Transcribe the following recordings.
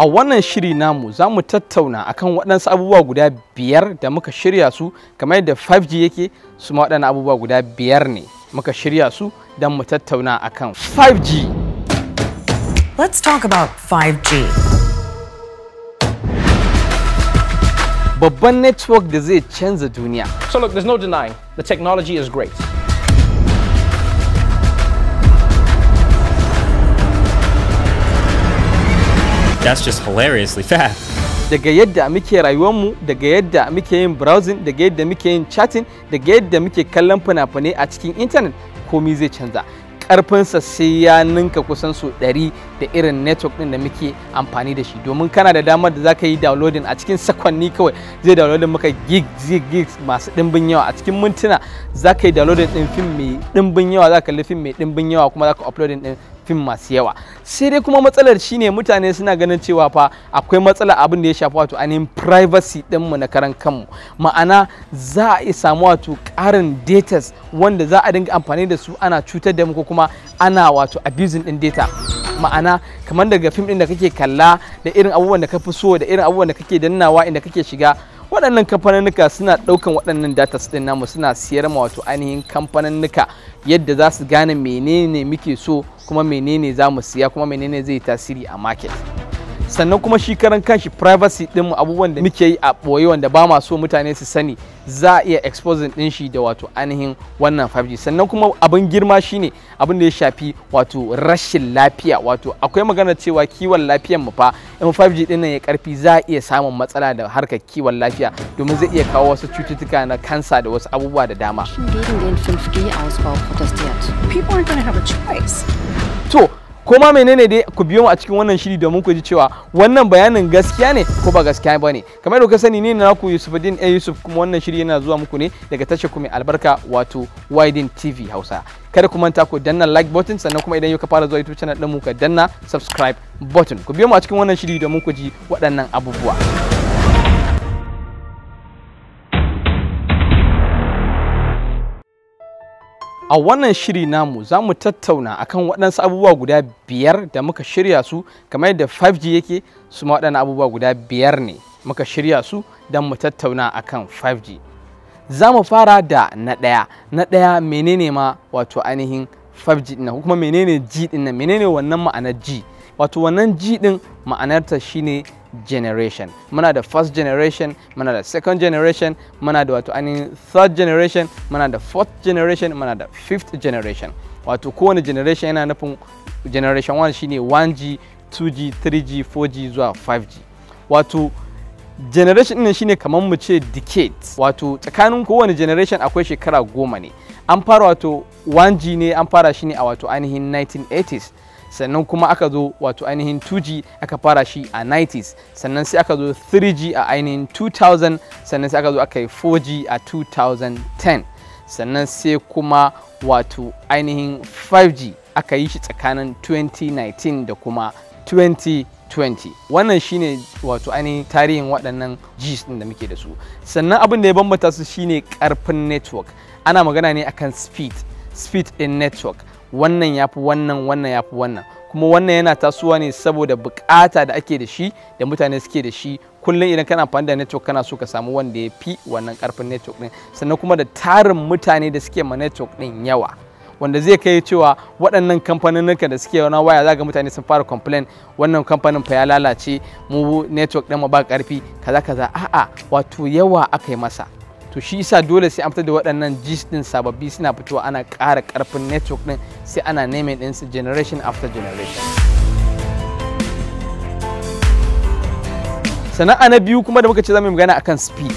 a wannan shiri namu za mu tattauna akan waɗansu abubuwa guda biyar da muka shirya su kamar yadda 5G yake su ma waɗannan abubuwa guda biyar ne muka shirya su don mu tattauna akan 5G. Let's talk about 5G. Babban network da zai canza duniya. So look, there's no denying the technology is great. that's just hilariously fast. Daga yadda muke rayuwarmu, daga yadda muke yin browsing, daga yadda muke yin chatting, daga yadda muke kallon fina-finai a cikin intanet, komi zai canza. Ƙarfinsa sai ya ninka kusan so ɗari da irin network din da muke amfani da shi domin kana da damar da zaka yi downloading a cikin sakonni kawai zai downloading maka gig gig gig masu dimbin yawa a cikin mintuna zaka yi downloading din film mai dimbin yawa zaka kalli film mai dimbin yawa kuma zaka uploading din fim masu yawa sai dai kuma matsalar shine mutane suna ganin cewa fa akwai matsala abin da ya shafi wato anin privacy mu na karan kanmu ma'ana za a iya samu wato karin data wanda za a dinga amfani da su ana cutar da mu ko kuma ana wato abusing din data ma'ana ma'ana kamar daga fim ɗin da kake kalla da irin abubuwan da ka fi so da irin abubuwan da kake dannawa inda kake shiga waɗannan kamfaninnika suna ɗaukan waɗannan datas ɗin namu suna siyar ma wato ainihin kamfaninnika yadda za su gane menene muke so kuma menene za mu siya kuma menene zai tasiri a market. sannan kuma shi karan kanshi privacy din abubuwan da muke yi a boye wanda ba ma so mutane su sani za a iya exposing din shi da wato ainihin wannan 5G sannan kuma abin girma shine abin da ya shafi wato rashin lafiya wato akwai magana cewa kiwon lafiyar mu fa in 5G din nan ya karfi za a iya samun matsala da harkar kiwon lafiya domin zai iya kawo wasu cututtuka na kansa da wasu abubuwa da dama. den To, ma menene dai ku biyo mu a cikin wannan shiri domin ku ji cewa wannan bayanin gaskiya ne ko ba gaskiya ba ne kamar da kuka sani ne naku Yusufuddin A eh, Yusuf kuma wannan shiri yana zuwa muku ne daga tashar ku mai albarka wato Widen TV Hausa kada ku manta ku danna like button sannan kuma idan yau ka fara zuwa YouTube channel din mu ka danna subscribe button ku biyo mu a cikin wannan shiri domin ku ji waɗannan abubuwa A wannan shiri namu za mu tattauna akan waɗansu abubuwa guda biyar da muka shirya su kamar yadda 5G yake su ma waɗannan abubuwa guda biyar ne muka shirya su don mu tattauna akan 5G. Za mu fara da na ɗaya, na ɗaya menene ma wato ainihin 5G ɗin kuma menene G ɗin nan menene wannan ma'anar G. Wato wannan G ɗin ma'anarta shine generation muna da first generation muna da second generation muna da wato ainihin third generation muna da fourth generation muna da fifth generation wato kowane generation yana nufin generation 1 shine 1g 2g 3g 4g zuwa 5g wato generation ɗin shine kamar mu ce decades wato tsakanin kowane generation akwai shekara goma ne an fara wato 1g ne an fara shine a wato ainihin 1980s sannan kuma aka zo wato ainihin 2G aka fara shi a 90s sannan sai aka zo 3G a ainihin 2000 sannan sai aka zo aka yi 4G a 2010 sannan sai kuma wato ainihin 5G aka yi shi tsakanin 2019 da kuma 2020 wannan shine wato ainihin tarihin waɗannan Gs ɗin da muke da su sannan abin da ya bambata su shine ƙarfin network ana magana ne akan speed speed in network wannan ya fi wannan wannan ya fi wannan kuma wannan yana tasowa ne saboda bukata da ake da shi da mutane suke da shi kullum idan kana amfani da network kana so ka samu wanda ya fi wannan karfin network din sannan kuma da tarin mutane da suke ma network din yawa wanda zai kai cewa waɗannan kamfaninnika da suke wani waya zaga mutane sun fara complain wannan kamfanin fa ya lalace mu network din ma ba karfi kaza kaza a'a wato yawa aka yi masa to shi yasa dole sai an fitar da waɗannan gist din sababbi suna fitowa ana ƙara ƙarfin network din sai ana din su generation after generation sana'a na biyu kuma da muka ce za mu magana akan speed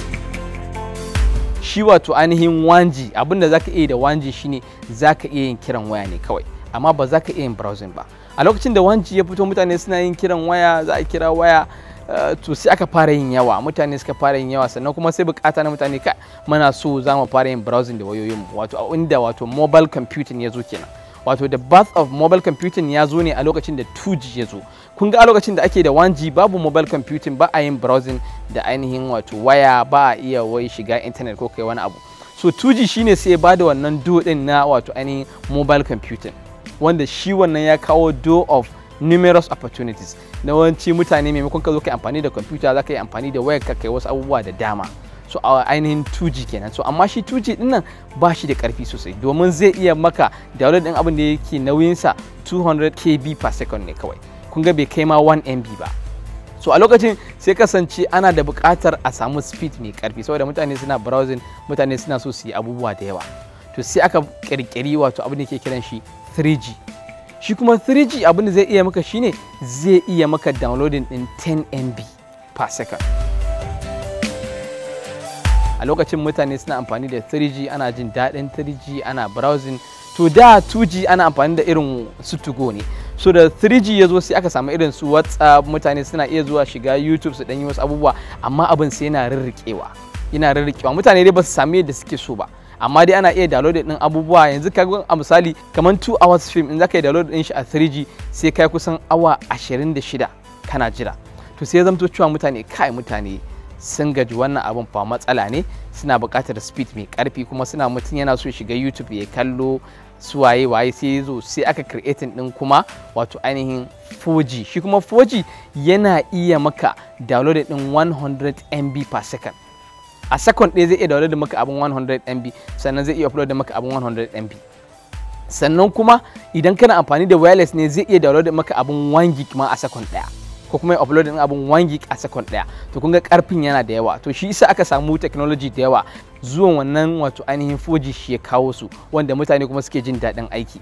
shi wato ainihin wanji abinda za ka iya da wanji shine za iya yin kiran waya ne kawai amma ba za ka iya yin browsing ba a lokacin da wanji ya fito mutane suna yin kiran waya za a kira waya Eh, to sai aka fara yin yawa mutane suka fara yin yawa sannan kuma sai bukata na mutane ka mana so za mu fara yin browsing da wayoyinmu wato a inda wato mobile computing ya zo kenan wato the birth of mobile computing ya zo ne a lokacin da 2G ya zo kun ga a lokacin da ake da 1G babu mobile computing ba a yin browsing da ainihin wato waya ba a iya wai shiga internet ko kai wani abu so 2G shine sai ya bada wannan do din na wato ainihin mobile computing wanda shi wannan ya kawo do of numerous opportunities na wanci mutane maimakon ka zo kai amfani da kwamfuta za ka yi amfani da wayar ka kai wasu abubuwa da dama so a ainihin 2G kenan so amma shi 2G din ba shi da karfi sosai domin zai iya maka download din abin da yake nauyinsa 200 KB per second ne kawai kun ga bai kai ma 1 MB ba so a lokacin sai kasance ana da bukatar a samu speed mai karfi saboda mutane suna browsing mutane suna so su yi abubuwa da yawa to sai aka kirkiri wato abin da ke kiran shi 3G shi kuma 3G abin da zai iya maka shine zai iya maka downloading din 10 MB per second a lokacin mutane suna amfani da 3G ana jin daɗin 3G ana browsing to da 2G ana amfani da irin su go ne so da 3G ya zo sai aka samu irin su WhatsApp mutane suna iya zuwa shiga YouTube su ɗanyi wasu abubuwa amma abin sai yana rirriƙewa yana rirriƙewa mutane dai ba su sami yadda suke so ba amma dai ana iya download din abubuwa yanzu ka a misali kamar 2 hours film in zaka yi download din shi a 3G sai kai kusan awa 26 kana jira to sai zamto cewa mutane kai mutane sun gaji wannan abin fa matsala ne suna buƙatar speed mai ƙarfi kuma suna mutum yana so shiga YouTube ya kallo su waye waye sai zo sai aka creating din kuma wato ainihin 4G shi kuma 4G yana iya maka download din 100 MB per second a second ɗaya zai iya download maka abin 100 MB sannan zai iya upload maka abin 100 MB sannan kuma idan kana amfani da wireless ne zai iya download maka abin 1 gig ma a second ɗaya ko kuma ya upload din abin 1 gig a second ɗaya to kun ga karfin yana da yawa to shi isa aka samu technology da yawa zuwan wannan wato ainihin 4G shi ya kawo su wanda mutane kuma suke jin daɗin aiki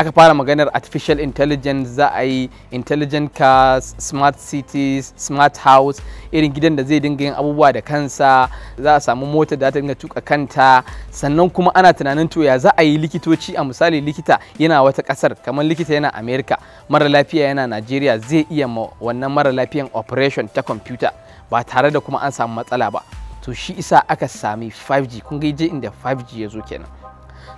aka fara maganar artificial intelligence za a yi intelligent cars smart cities smart house irin gidan da zai dinga yin abubuwa da kansa za a samu mota da ta dinga tuka kanta sannan kuma ana tunanin to ya za a yi likitoci a misali likita yana wata kasar kamar likita yana america mara lafiya yana najeriya zai iya ma wannan mara lafiyan operation ta computer ba tare da kuma an samu matsala ba to shi isa aka sami 5G kun ga inda 5G ya zo kenan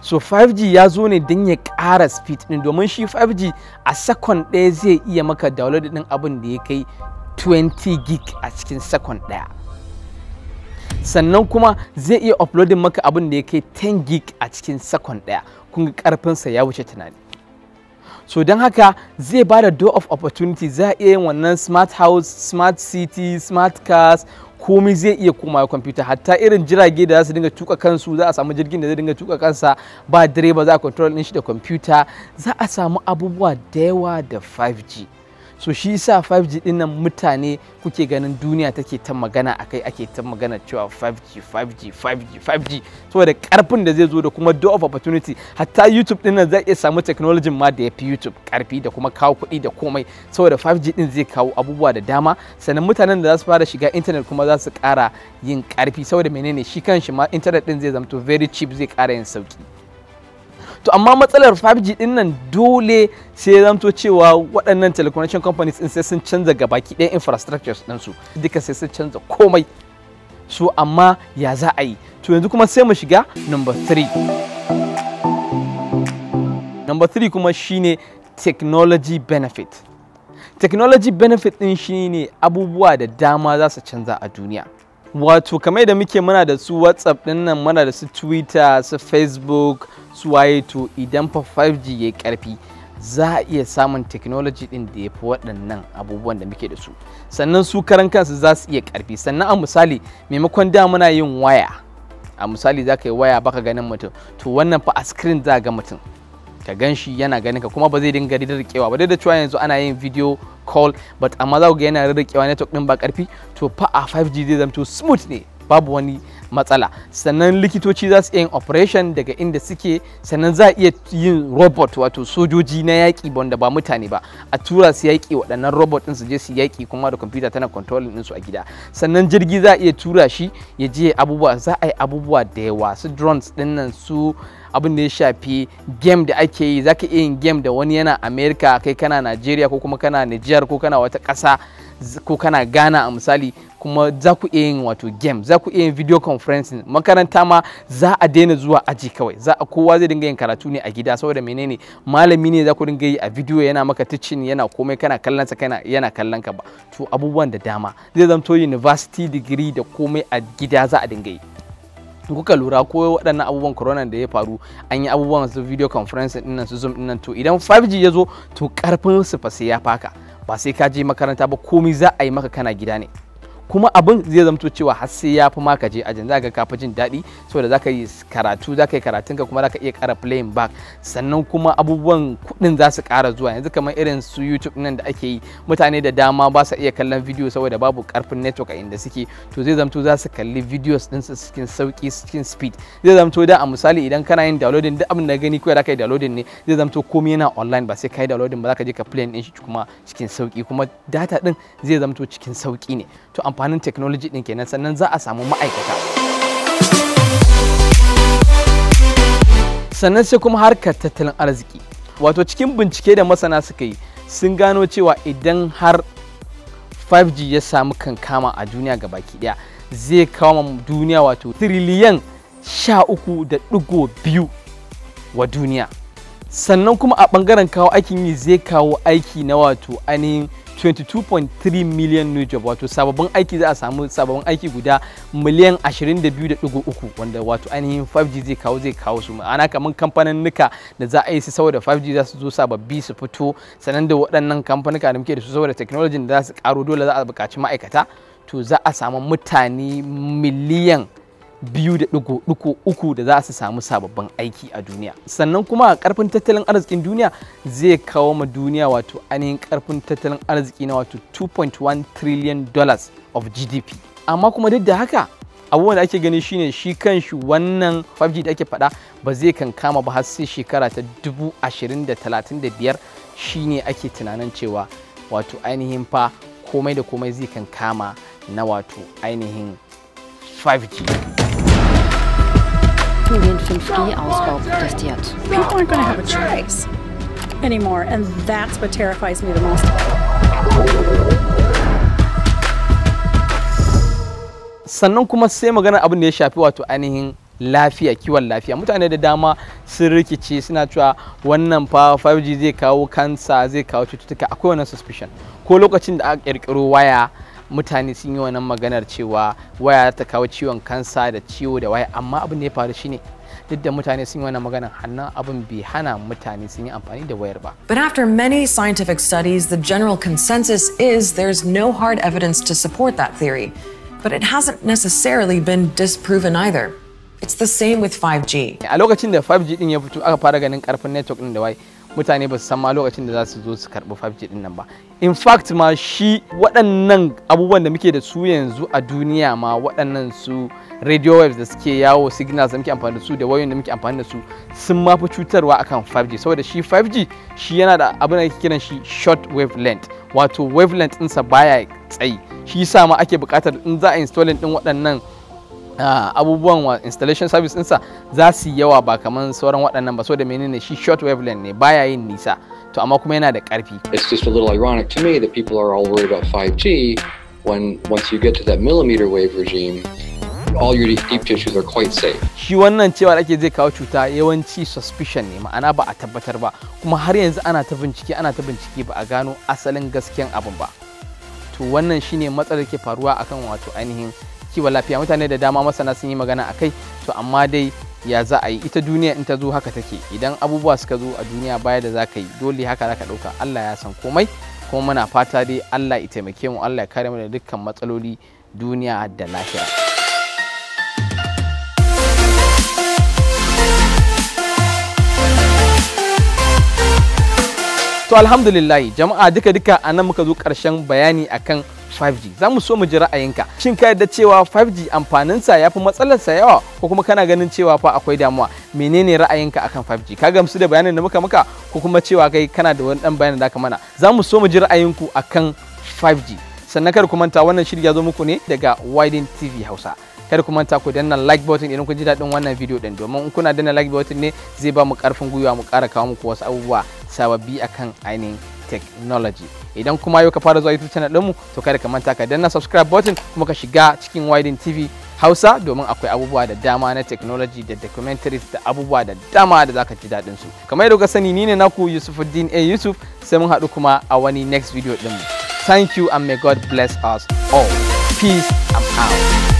so 5G ya zo ne don ya ƙara speed ɗin domin shi 5G a second ɗaya zai iya maka download ɗin abin da ya kai 20 gig a cikin second ɗaya sannan kuma zai iya uploadin maka abin da ya kai 10 gig a cikin second ɗaya kun ga ƙarfinsa ya wuce tunani so don haka zai ba da door of opportunity za a iya yin wannan smart house smart city smart cars komai zai iya komawa kwamfuta hatta irin jirage da za su dinga tuka kansu za a samu jirgin da zai dinga tuka kansa ba direba za a control din shi da kwamfuta za a samu abubuwa da yawa da 5G so shi sa 5G din nan mutane kuke ganin duniya take ta magana akai ake ta magana cewa 5G 5G 5G 5G saboda karfin da zai zo da kuma door of opportunity hatta YouTube din nan zai iya samu technology ma da yafi YouTube karfi da kuma kawo kuɗi da komai saboda 5G din zai kawo abubuwa da dama sannan mutanen da za su fara shiga internet kuma za su ƙara yin karfi saboda menene shi kanshi ma internet din zai zamto very cheap zai ƙara yin sauki to amma matsalar 5G din nan dole sai zamto cewa waɗannan telecommunication companies din sai sun canza baki ɗaya infrastructures din su. duka sai sun canza komai su amma ya za a yi to yanzu kuma sai mu shiga number 3 number 3 kuma shine technology benefit technology benefit din shine abubuwa da dama za su canza a duniya wato kamar da muke muna da su whatsapp din nan muna da su twitter su facebook suwaye to idan fa 5G ya yi karfi za a iya samun technology din da ya fi waɗannan abubuwan da muke da su sannan su karan kansu za su iya karfi sannan a misali maimakon da muna yin waya a misali za ka yi waya baka ganin mutum to wannan fa a screen za ga mutum ka gan shi yana ganin ka kuma ba zai dinga rirriƙewa ba dai da cewa yanzu ana yin video call but amma za ku ga yana rirriƙewa network din ba karfi to fa a 5G zai zamto smooth ne babu wani matsala sannan likitoci za su yin operation daga inda suke sannan za a iya yin robot wato sojoji na yaƙi wanda ba mutane ba a tura su yaƙi waɗannan robot ɗin su je su yaƙi kuma da computer tana control din su a gida sannan jirgi za a iya tura shi ya je abubuwa za a yi abubuwa da yawa su drones ɗin nan su abin da ya shafi game da ake yi za ka iya yin game da wani yana america kai kana nigeria ko kuma kana niger ko kana wata ƙasa ko kana gana a misali kuma za ku iya yin wato game za ku iya yin video conferencing makaranta ma za a daina zuwa aji kawai za a kowa zai dinga yin karatu ne a gida saboda menene malami ne za ku dinga yi a video yana maka ticin yana komai kana kallon sa kana yana kallon ka ba to abubuwan da dama zai zamto university degree da komai a gida za a dinga yi kuka lura ko waɗannan abubuwan corona da ya faru an yi abubuwan su video conference nan su zoom nan to idan 5G ya zo to karfin su fa sai ya faka ba sai ka je makaranta ba komai za a yi maka kana gida ne kuma abin zai zamto cewa har sai ya fi ma ka je ajin za ka fi jin daɗi saboda ka yi karatu za ka yi karatun ka kuma za ka iya kara playing back sannan kuma abubuwan kuɗin za su ƙara zuwa yanzu kamar irin su YouTube nan da ake yi mutane da dama ba su iya kallon video saboda babu ƙarfin network a inda suke to zai zamto za su kalli videos din su cikin sauki cikin speed zai zamto da a misali idan kana yin downloading duk abin da gani kawai ka yi downloading ne zai zamto komai yana online ba sai kai downloading ba za ka je ka playing din shi kuma cikin sauki kuma data din zai zamto cikin sauki ne to amfanin technology din kenan sannan za a samu ma'aikata sannan sai kuma harkar tattalin arziki wato cikin bincike da masana suka yi sun gano cewa idan har 5G ya samu kankama a duniya ga baki daya zai kawo duniya wato triliyan 13.2 wa duniya sannan kuma a bangaren kawo aikin yi zai kawo aiki na wato ainihin 22.3 million new job wato sababbin aiki za a samu sababbin aiki guda miliyan 22.3 wanda wato ainihin 5G zai kawo zai kawo su ma'ana kamar kamfanin nuka da za a yi su saboda 5G za su zo sababbi su fito sanan da waɗannan kamfanuka da muke da su saboda technology da za su karo dole za a buƙaci ma'aikata to za a samu mutane miliyan biyu da ɗigo ɗigo uku da za su samu sababbin aiki a duniya sannan kuma karfin tattalin arzikin duniya zai kawo ma duniya wato ainihin karfin tattalin arziki na wato 2.1 trillion dollars of gdp amma kuma duk da haka abubuwan da ake gani shine shi kan shi wannan 5G da ake faɗa ba zai kan kama ba har sai shekara ta 2035 shine ake tunanin cewa wato ainihin fa komai da komai zai kan kama na wato ainihin 5G. AfD-Ausbau protestiert. most. Sannan kuma sai magana abin da ya shafi wato ainihin lafiya kiwon lafiya mutane da dama sun rikice suna cewa wannan fa 5G zai kawo kansa zai kawo cututtuka akwai wannan suspicion ko lokacin da aka kirkiro waya mutane sun yi wannan maganar cewa waya ta kawo ciwon kansa da ciwo da waya amma abin da ya faru shine but after many scientific studies the general consensus is there's no hard evidence to support that theory but it hasn't necessarily been disproven either It's the same with 5G. A lokacin da 5G din ya fito aka fara ganin karfin network din da wai mutane ba su san ma lokacin da za su zo su karbi 5G din nan ba. in fact ma shi waɗannan abubuwan da muke da su yanzu a duniya ma waɗannan su radio waves da suke yawo signals da muke amfani da su da wayoyin da muke amfani da su sun ma fi cutarwa akan 5G saboda shi 5G shi yana da abin da ake kiran shi short wavelength wato wavelength ɗinsa baya tsayi shi yasa ma ake buƙatar in za a installing ɗin waɗannan abubuwan abubuwan installation service ɗinsa za su yi yawa ba kamar sauran waɗannan ba saboda menene shi short wavelength ne baya yin nisa to amma kuma yana da ƙarfi. It's just a little ironic to me that people are all worried about 5G when once you get to that millimeter wave regime all your deep tissues are quite safe. Shi wannan cewa da ake zai kawo cuta yawanci suspicion ne ma'ana ba a tabbatar ba kuma har yanzu ana ta bincike ana ta bincike ba a gano asalin gaskiyan abin ba. To wannan shine matsalar ke faruwa akan wato ainihin kiwa lafiya mutane da dama masana sun yi magana akai to amma dai ya za a yi ita duniya in ta zo haka take idan abubuwa suka zo a duniya baya da za ka yi dole haka za ka ɗauka allah ya san komai kuma muna fata dai allah ya taimake mu allah ya kare mu da dukkan matsaloli duniya da lafiya to alhamdulillah jama'a duka duka a nan muka zo ƙarshen bayani akan 5G za mu so mu ji ra'ayinka shin ka yadda cewa 5G amfaninsa ya fi matsalar sa yawa ko kuma kana ganin cewa fa akwai damuwa menene ra'ayinka akan 5G ka gamsu da bayanin da muka maka ko kuma cewa kai kana da wani dan bayanin da ka mana za mu so mu ji ra'ayinku akan 5G sannan kada ku manta wannan shirya zo muku ne daga Widen TV Hausa kada ku manta ku danna like button idan kun ji dadin wannan video din domin in kuna danna like button ne zai ba mu karfin gwiwa mu ƙara kawo muku wasu abubuwa sababbi akan ainihin technology idan kuma yau ka fara zuwa youtube channel ɗinmu to kada ka manta ka danna subscribe button kuma ka shiga cikin widen tv hausa domin akwai abubuwa da dama na technology da documentaries da abubuwa da dama da zaka ji daɗin su kamar yadda ka sani ni ne naku yusufuddin a yusuf sai mun haɗu kuma a wani next video ɗinmu thank you and may god bless us all peace and out